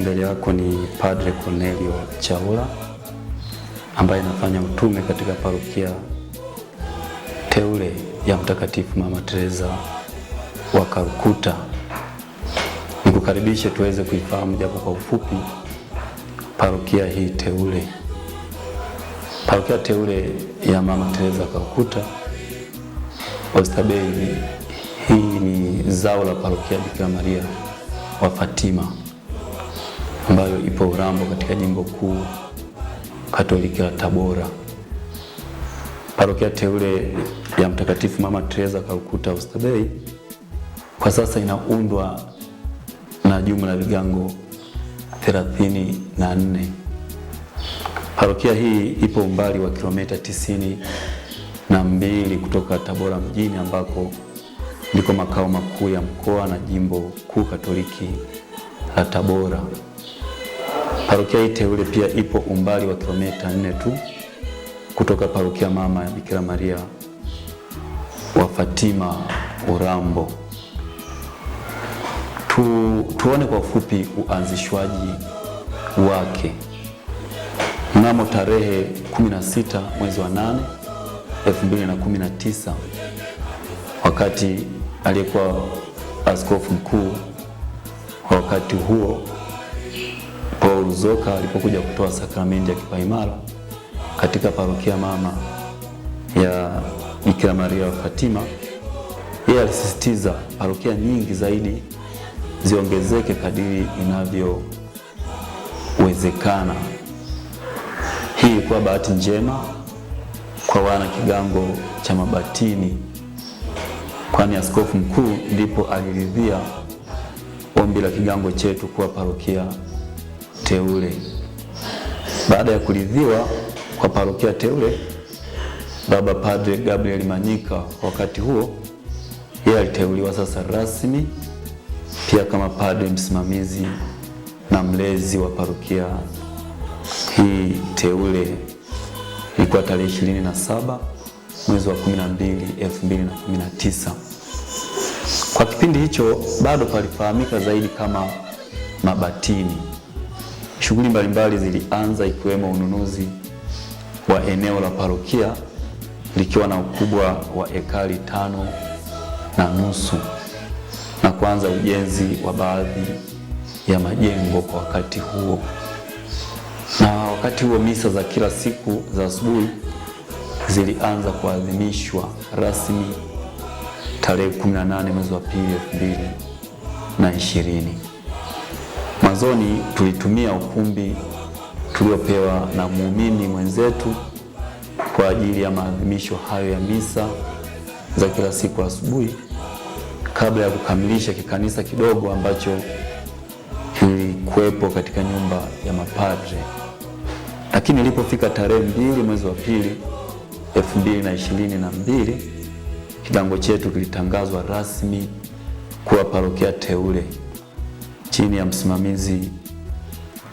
mbele yako ni Padre Cornelio Chaula ambaye anafanya utume katika parokia teule ya Mtakatifu Mama Teresa wa Kalkuta. Nikukaribishe tuweze kuifahamu japo kwa ufupi parokia hii teule. Parokia teule ya Mama Teresa Kalkuta Oysterbay, hii ni zao la parokia Bikira Maria wa Fatima ambayo ipo Urambo katika jimbo kuu Katoliki la Tabora. Parokia teule ya Mtakatifu Mama Teresa Calcutta Ustabei, kwa sasa inaundwa na jumla ya vigango 34. Parokia hii ipo umbali wa kilomita tisini na mbili kutoka Tabora mjini ambako ndiko makao makuu ya mkoa na jimbo kuu Katoliki la Tabora. Parokia Iteule pia ipo umbali wa kilomita nne tu kutoka parokia mama ya Bikira Maria wa Fatima Urambo. Tu, tuone kwa ufupi uanzishwaji wake mnamo tarehe 16 mwezi wa 8 2019 wakati aliyekuwa askofu mkuu wa wakati huo Paul Zoka alipokuja kutoa sakramenti ya kipaimara katika parokia mama ya Bikira Maria wa Fatima, yeye alisisitiza parokia nyingi zaidi ziongezeke kadiri inavyowezekana. Hii ilikuwa bahati njema kwa wana kigango cha Mabatini, kwani askofu mkuu ndipo aliridhia ombi la kigango chetu kuwa parokia teule. Baada ya kuridhiwa kwa parokia teule, Baba Padre Gabriel Manyika wakati huo yeye aliteuliwa sasa rasmi pia kama padre msimamizi na mlezi wa parokia hii teule. Ilikuwa tarehe 27 mwezi wa 12 2019. Kwa kipindi hicho bado palifahamika zaidi kama Mabatini. Shughuli mbalimbali zilianza ikiwemo ununuzi wa eneo la parokia likiwa na ukubwa wa ekari tano na nusu na kuanza ujenzi wa baadhi ya majengo kwa wakati huo. Na wakati huo misa za kila siku za asubuhi zilianza kuadhimishwa rasmi tarehe 18 mwezi wa pili 2020. Mwanzoni tulitumia ukumbi tuliopewa na muumini mwenzetu kwa ajili ya maadhimisho hayo ya misa za kila siku asubuhi, kabla ya kukamilisha kikanisa kidogo ambacho kilikuwepo katika nyumba ya mapadre. Lakini ilipofika tarehe mbili mwezi wa pili elfu mbili na ishirini na mbili kigango chetu kilitangazwa rasmi kuwa parokia teule chini ya msimamizi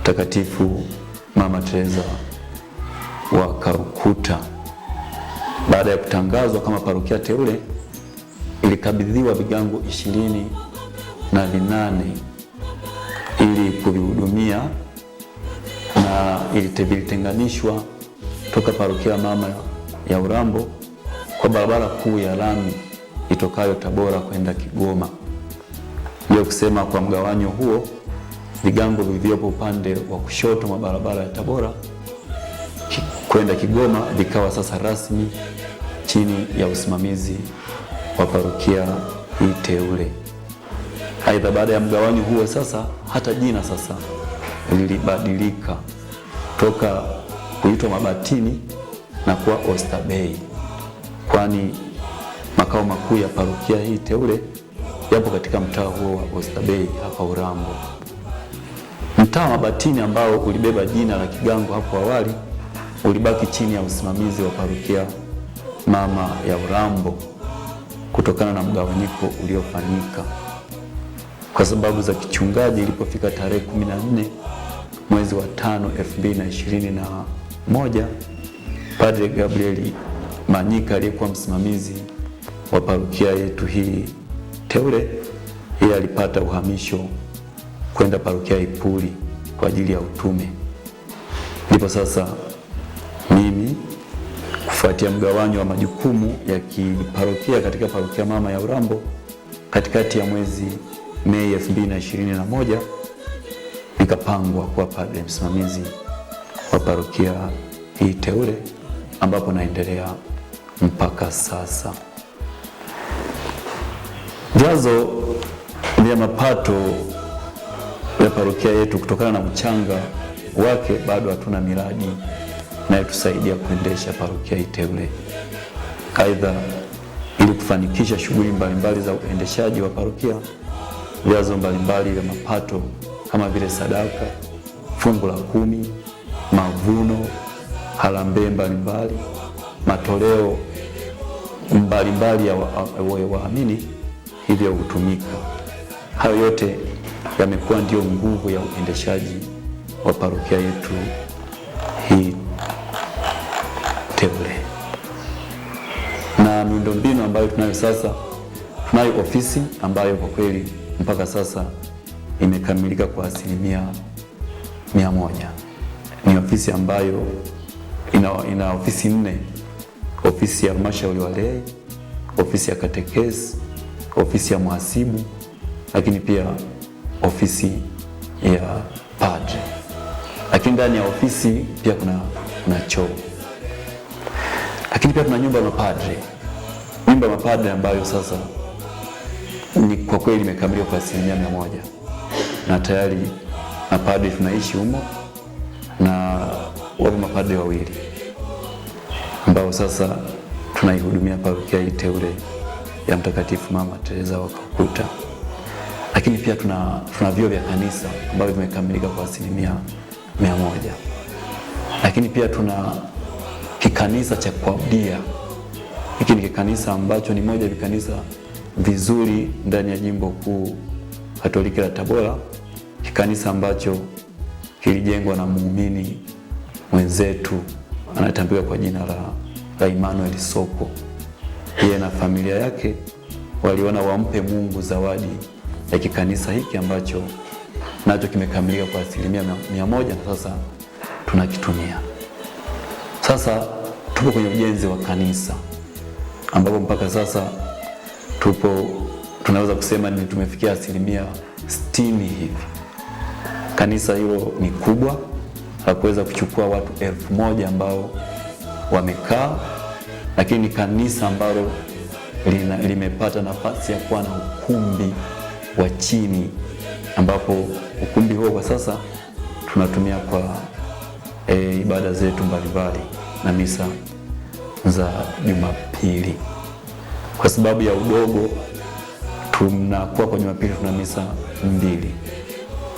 mtakatifu Mama Teresa wa Kalkuta. Baada ya kutangazwa kama parokia teule, ilikabidhiwa vigango ishirini na vinane ili kuvihudumia na vilitenganishwa toka parokia mama ya Urambo kwa barabara kuu ya lami itokayo Tabora kwenda Kigoma. Ndio kusema kwa mgawanyo huo, vigango vilivyopo upande wa kushoto mwa barabara ya Tabora kwenda Kigoma vikawa sasa rasmi chini ya usimamizi wa parokia hii teule. Aidha, baada ya mgawanyo huo sasa hata jina sasa lilibadilika toka kuitwa Mabatini na kuwa Oysterbay, kwani makao makuu ya parokia hii teule yapo katika mtaa huo wa Bay hapa Urambo. Mtaa wa Mabatini ambao ulibeba jina la Kigango hapo awali ulibaki chini ya usimamizi wa parokia mama ya Urambo kutokana na mgawanyiko uliofanyika kwa sababu za kichungaji. Ilipofika tarehe 14 mwezi wa tano 2021 Padre Gabriel Manyika aliyekuwa msimamizi wa parokia yetu hii teule, yeye alipata uhamisho kwenda parokia Ipuli kwa ajili ya utume. Ndipo sasa mimi kufuatia mgawanyo wa majukumu ya kiparokia katika parokia mama ya Urambo katikati ya mwezi Mei 2021 nikapangwa kuwa padre msimamizi wa parokia hii teule ambapo naendelea mpaka sasa. Vyanzo vya mapato ya parokia yetu kutokana na mchanga wake, bado hatuna miradi inayotusaidia kuendesha parokia iteule. Aidha, ili kufanikisha shughuli mbalimbali za uendeshaji wa parokia, vyanzo mbalimbali vya mapato kama vile sadaka, fungu la kumi, mavuno, harambee mbalimbali, matoleo mbalimbali ya waamini wa, wa, wa, wa, hivyo hutumika. Hayo yote yamekuwa ndiyo nguvu ya uendeshaji wa parokia yetu hii teule. Na miundombinu ambayo tunayo sasa, tunayo ofisi ambayo kwa kweli mpaka sasa imekamilika kwa asilimia mia moja. Ni ofisi ambayo ina, ina ofisi nne: ofisi ya halmashauri walei, ofisi ya katekesi ofisi ya mhasibu, lakini pia ofisi ya padre. Lakini ndani ya ofisi pia kuna, kuna choo, lakini pia kuna nyumba ya mapadre, nyumba ya mapadre ambayo sasa ni kwa kweli imekamilika kwa asilimia mia moja na tayari mapadre tunaishi humo na wapo mapadre wawili ambao sasa tunaihudumia parokia hii teule ya Mtakatifu Mama Teresa wa Calcutta. Lakini pia tuna, tuna vyuo vya kanisa ambavyo vimekamilika kwa asilimia mia moja. Lakini pia tuna kikanisa cha kuabudia. Hiki ni kikanisa ambacho ni moja ya vikanisa vizuri ndani ya jimbo kuu Katoliki la Tabora, kikanisa ambacho kilijengwa na muumini mwenzetu anatambika kwa jina la, la Emmanuel Sopo yeye na familia yake waliona wampe Mungu zawadi ya kikanisa hiki ambacho nacho kimekamilika kwa asilimia mia moja na sasa tunakitumia. Sasa tupo kwenye ujenzi wa kanisa ambapo mpaka sasa tupo tunaweza kusema ni tumefikia asilimia sitini hivi. Kanisa hilo ni kubwa la kuweza kuchukua watu elfu moja ambao wamekaa lakini kanisa ambalo limepata nafasi ya kuwa na ukumbi wa chini, ambapo ukumbi huo kwa sasa tunatumia kwa e, ibada zetu mbalimbali na misa za Jumapili. Kwa sababu ya udogo, tunakuwa kwa Jumapili tuna misa mbili.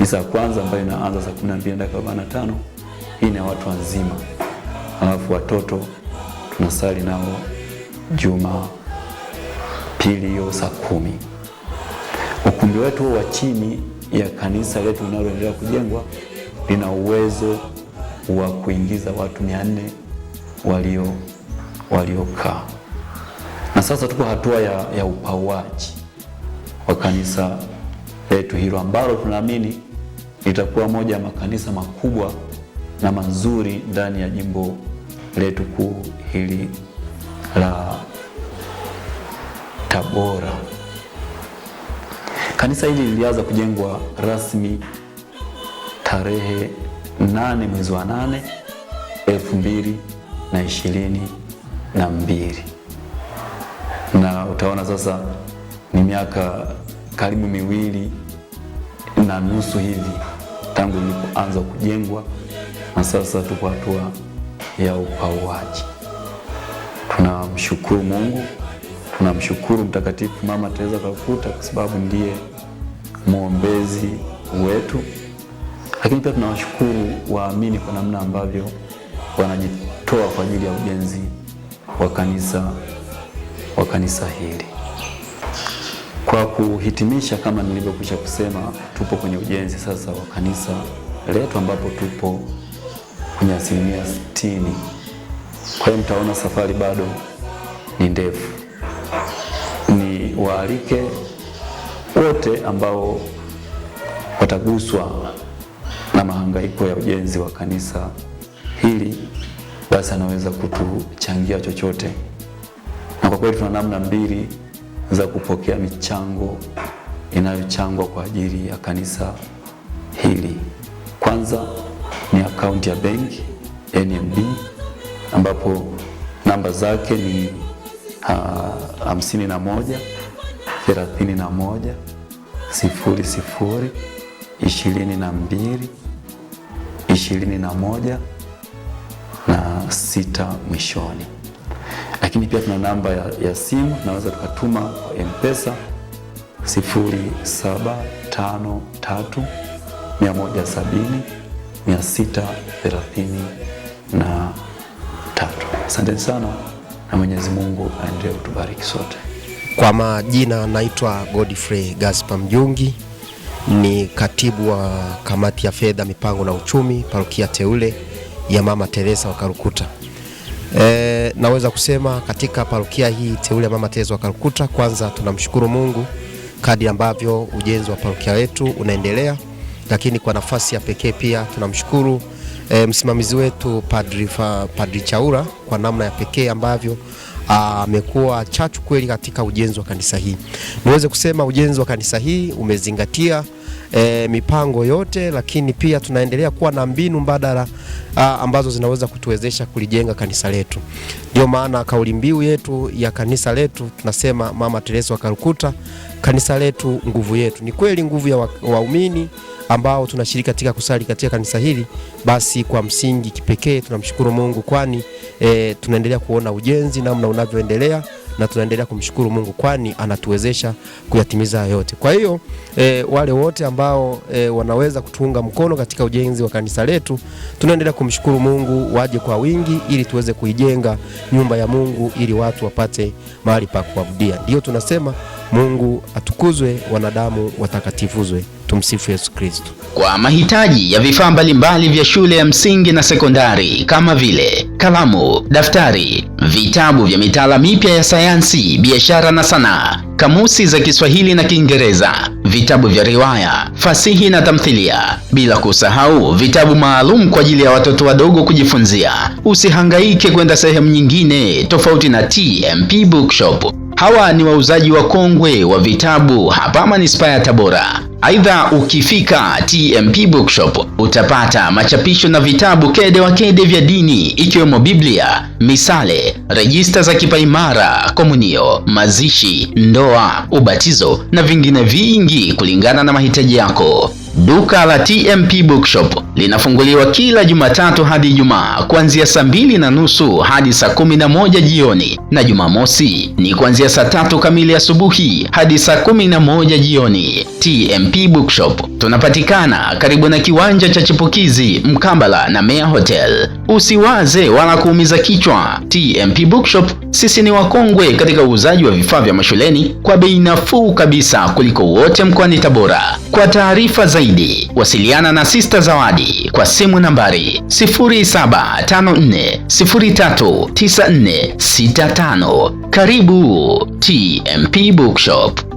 Misa ya kwanza ambayo inaanza saa 12 dakika 45, hii ni ya watu wazima, alafu watoto tunasali nao Juma pili hiyo saa kumi. Ukumbi wetu wa chini ya kanisa letu linaloendelea kujengwa lina uwezo wa kuingiza watu mia nne walio waliokaa, na sasa tuko hatua ya, ya upauaji wa kanisa letu hilo ambalo tunaamini litakuwa moja ya makanisa makubwa na mazuri ndani ya jimbo letu kuu hili la Tabora. Kanisa hili lilianza kujengwa rasmi tarehe nane mwezi wa nane elfu mbili na ishirini na mbili na utaona sasa ni miaka karibu miwili na nusu hivi tangu ilipoanza kujengwa na sasa tuko hatua ya upauaji. Tunamshukuru Mungu, tunamshukuru Mtakatifu Mama Teresa kakuta kwa sababu ndiye mwombezi wetu, lakini pia tunawashukuru waamini kwa namna ambavyo wanajitoa kwa ajili ya ujenzi wa kanisa wa kanisa hili. Kwa kuhitimisha, kama nilivyokwisha kusema, tupo kwenye ujenzi sasa wa kanisa letu ambapo tupo kwenye asilimia sitini. Kwa hiyo mtaona safari bado ni ndefu. Ni waalike wote ambao wataguswa na mahangaiko ya ujenzi wa kanisa hili, basi anaweza kutuchangia chochote, na kwa kweli tuna namna mbili za kupokea michango inayochangwa kwa ajili ya kanisa hili. Kwanza ni akaunti ya benki NMB ambapo namba zake ni uh, hamsini na moja thelathini na moja sifuri sifuri ishirini na mbili ishirini na moja na sita mwishoni. Lakini pia tuna namba ya, ya simu tunaweza tukatuma kwa sifuri saba tano tatu mia moja sabini 633. Asante sana na Mwenyezi Mungu aendelee kutubariki sote. Kwa majina naitwa Godfrey Gaspar Mjungi, ni katibu wa kamati ya fedha, mipango na uchumi parokia teule ya Mama Teresa wa Karukuta. E, naweza kusema katika parokia hii teule ya Mama Teresa wa Karukuta, kwanza tunamshukuru Mungu kadri ambavyo ujenzi wa parokia yetu unaendelea lakini kwa nafasi ya pekee pia tunamshukuru e, msimamizi wetu Padri, Padri Chaura kwa namna ya pekee ambavyo ah, amekuwa chachu kweli katika ujenzi wa kanisa hii. Niweze kusema ujenzi wa kanisa hii umezingatia e, mipango yote, lakini pia tunaendelea kuwa na mbinu mbadala a, ah, ambazo zinaweza kutuwezesha kulijenga kanisa letu. Ndio maana kauli mbiu yetu ya kanisa letu tunasema Mama Teresa wa Kalkuta kanisa letu nguvu yetu. Ni kweli nguvu ya waumini ambao tunashiriki katika kusali katika kanisa hili, basi kwa msingi kipekee tunamshukuru Mungu, kwani e, tunaendelea kuona ujenzi namna unavyoendelea na tunaendelea kumshukuru Mungu kwani anatuwezesha kuyatimiza yote. Kwa hiyo e, wale wote ambao e, wanaweza kutuunga mkono katika ujenzi wa kanisa letu tunaendelea kumshukuru Mungu, waje kwa wingi ili tuweze kuijenga nyumba ya Mungu ili watu wapate mahali pa kuabudia. Ndiyo tunasema Mungu atukuzwe, wanadamu watakatifuzwe. Tumsifu Yesu Kristo. Kwa mahitaji ya vifaa mbalimbali vya shule ya msingi na sekondari kama vile kalamu, daftari, vitabu vya mitaala mipya ya sayansi, biashara na sanaa, kamusi za Kiswahili na Kiingereza, vitabu vya riwaya, fasihi na tamthilia, bila kusahau vitabu maalum kwa ajili ya watoto wadogo kujifunzia. Usihangaike kwenda sehemu nyingine tofauti na TMP Bookshop. Hawa ni wauzaji wakongwe wa vitabu hapa manispaa ya Tabora. Aidha, ukifika TMP Bookshop utapata machapisho na vitabu kede wa kede vya dini ikiwemo Biblia, misale, rejista za kipaimara, komunio, mazishi, ndoa, ubatizo na vingine vingi kulingana na mahitaji yako. Duka la TMP Bookshop linafunguliwa kila Jumatatu hadi Ijumaa kuanzia saa mbili na nusu hadi saa kumi na moja jioni na Jumamosi ni kuanzia saa tatu kamili asubuhi hadi saa kumi na moja jioni. TMP Bookshop tunapatikana karibu na kiwanja cha Chipukizi mkabala na Mea Hotel. Usiwaze wala kuumiza kichwa. TMP Bookshop sisi ni wakongwe katika uuzaji wa vifaa vya mashuleni kwa bei nafuu kabisa kuliko wote mkoani Tabora. Kwa taarifa zaidi, wasiliana na Sista Zawadi kwa simu nambari 0754039465. Karibu TMP Bookshop.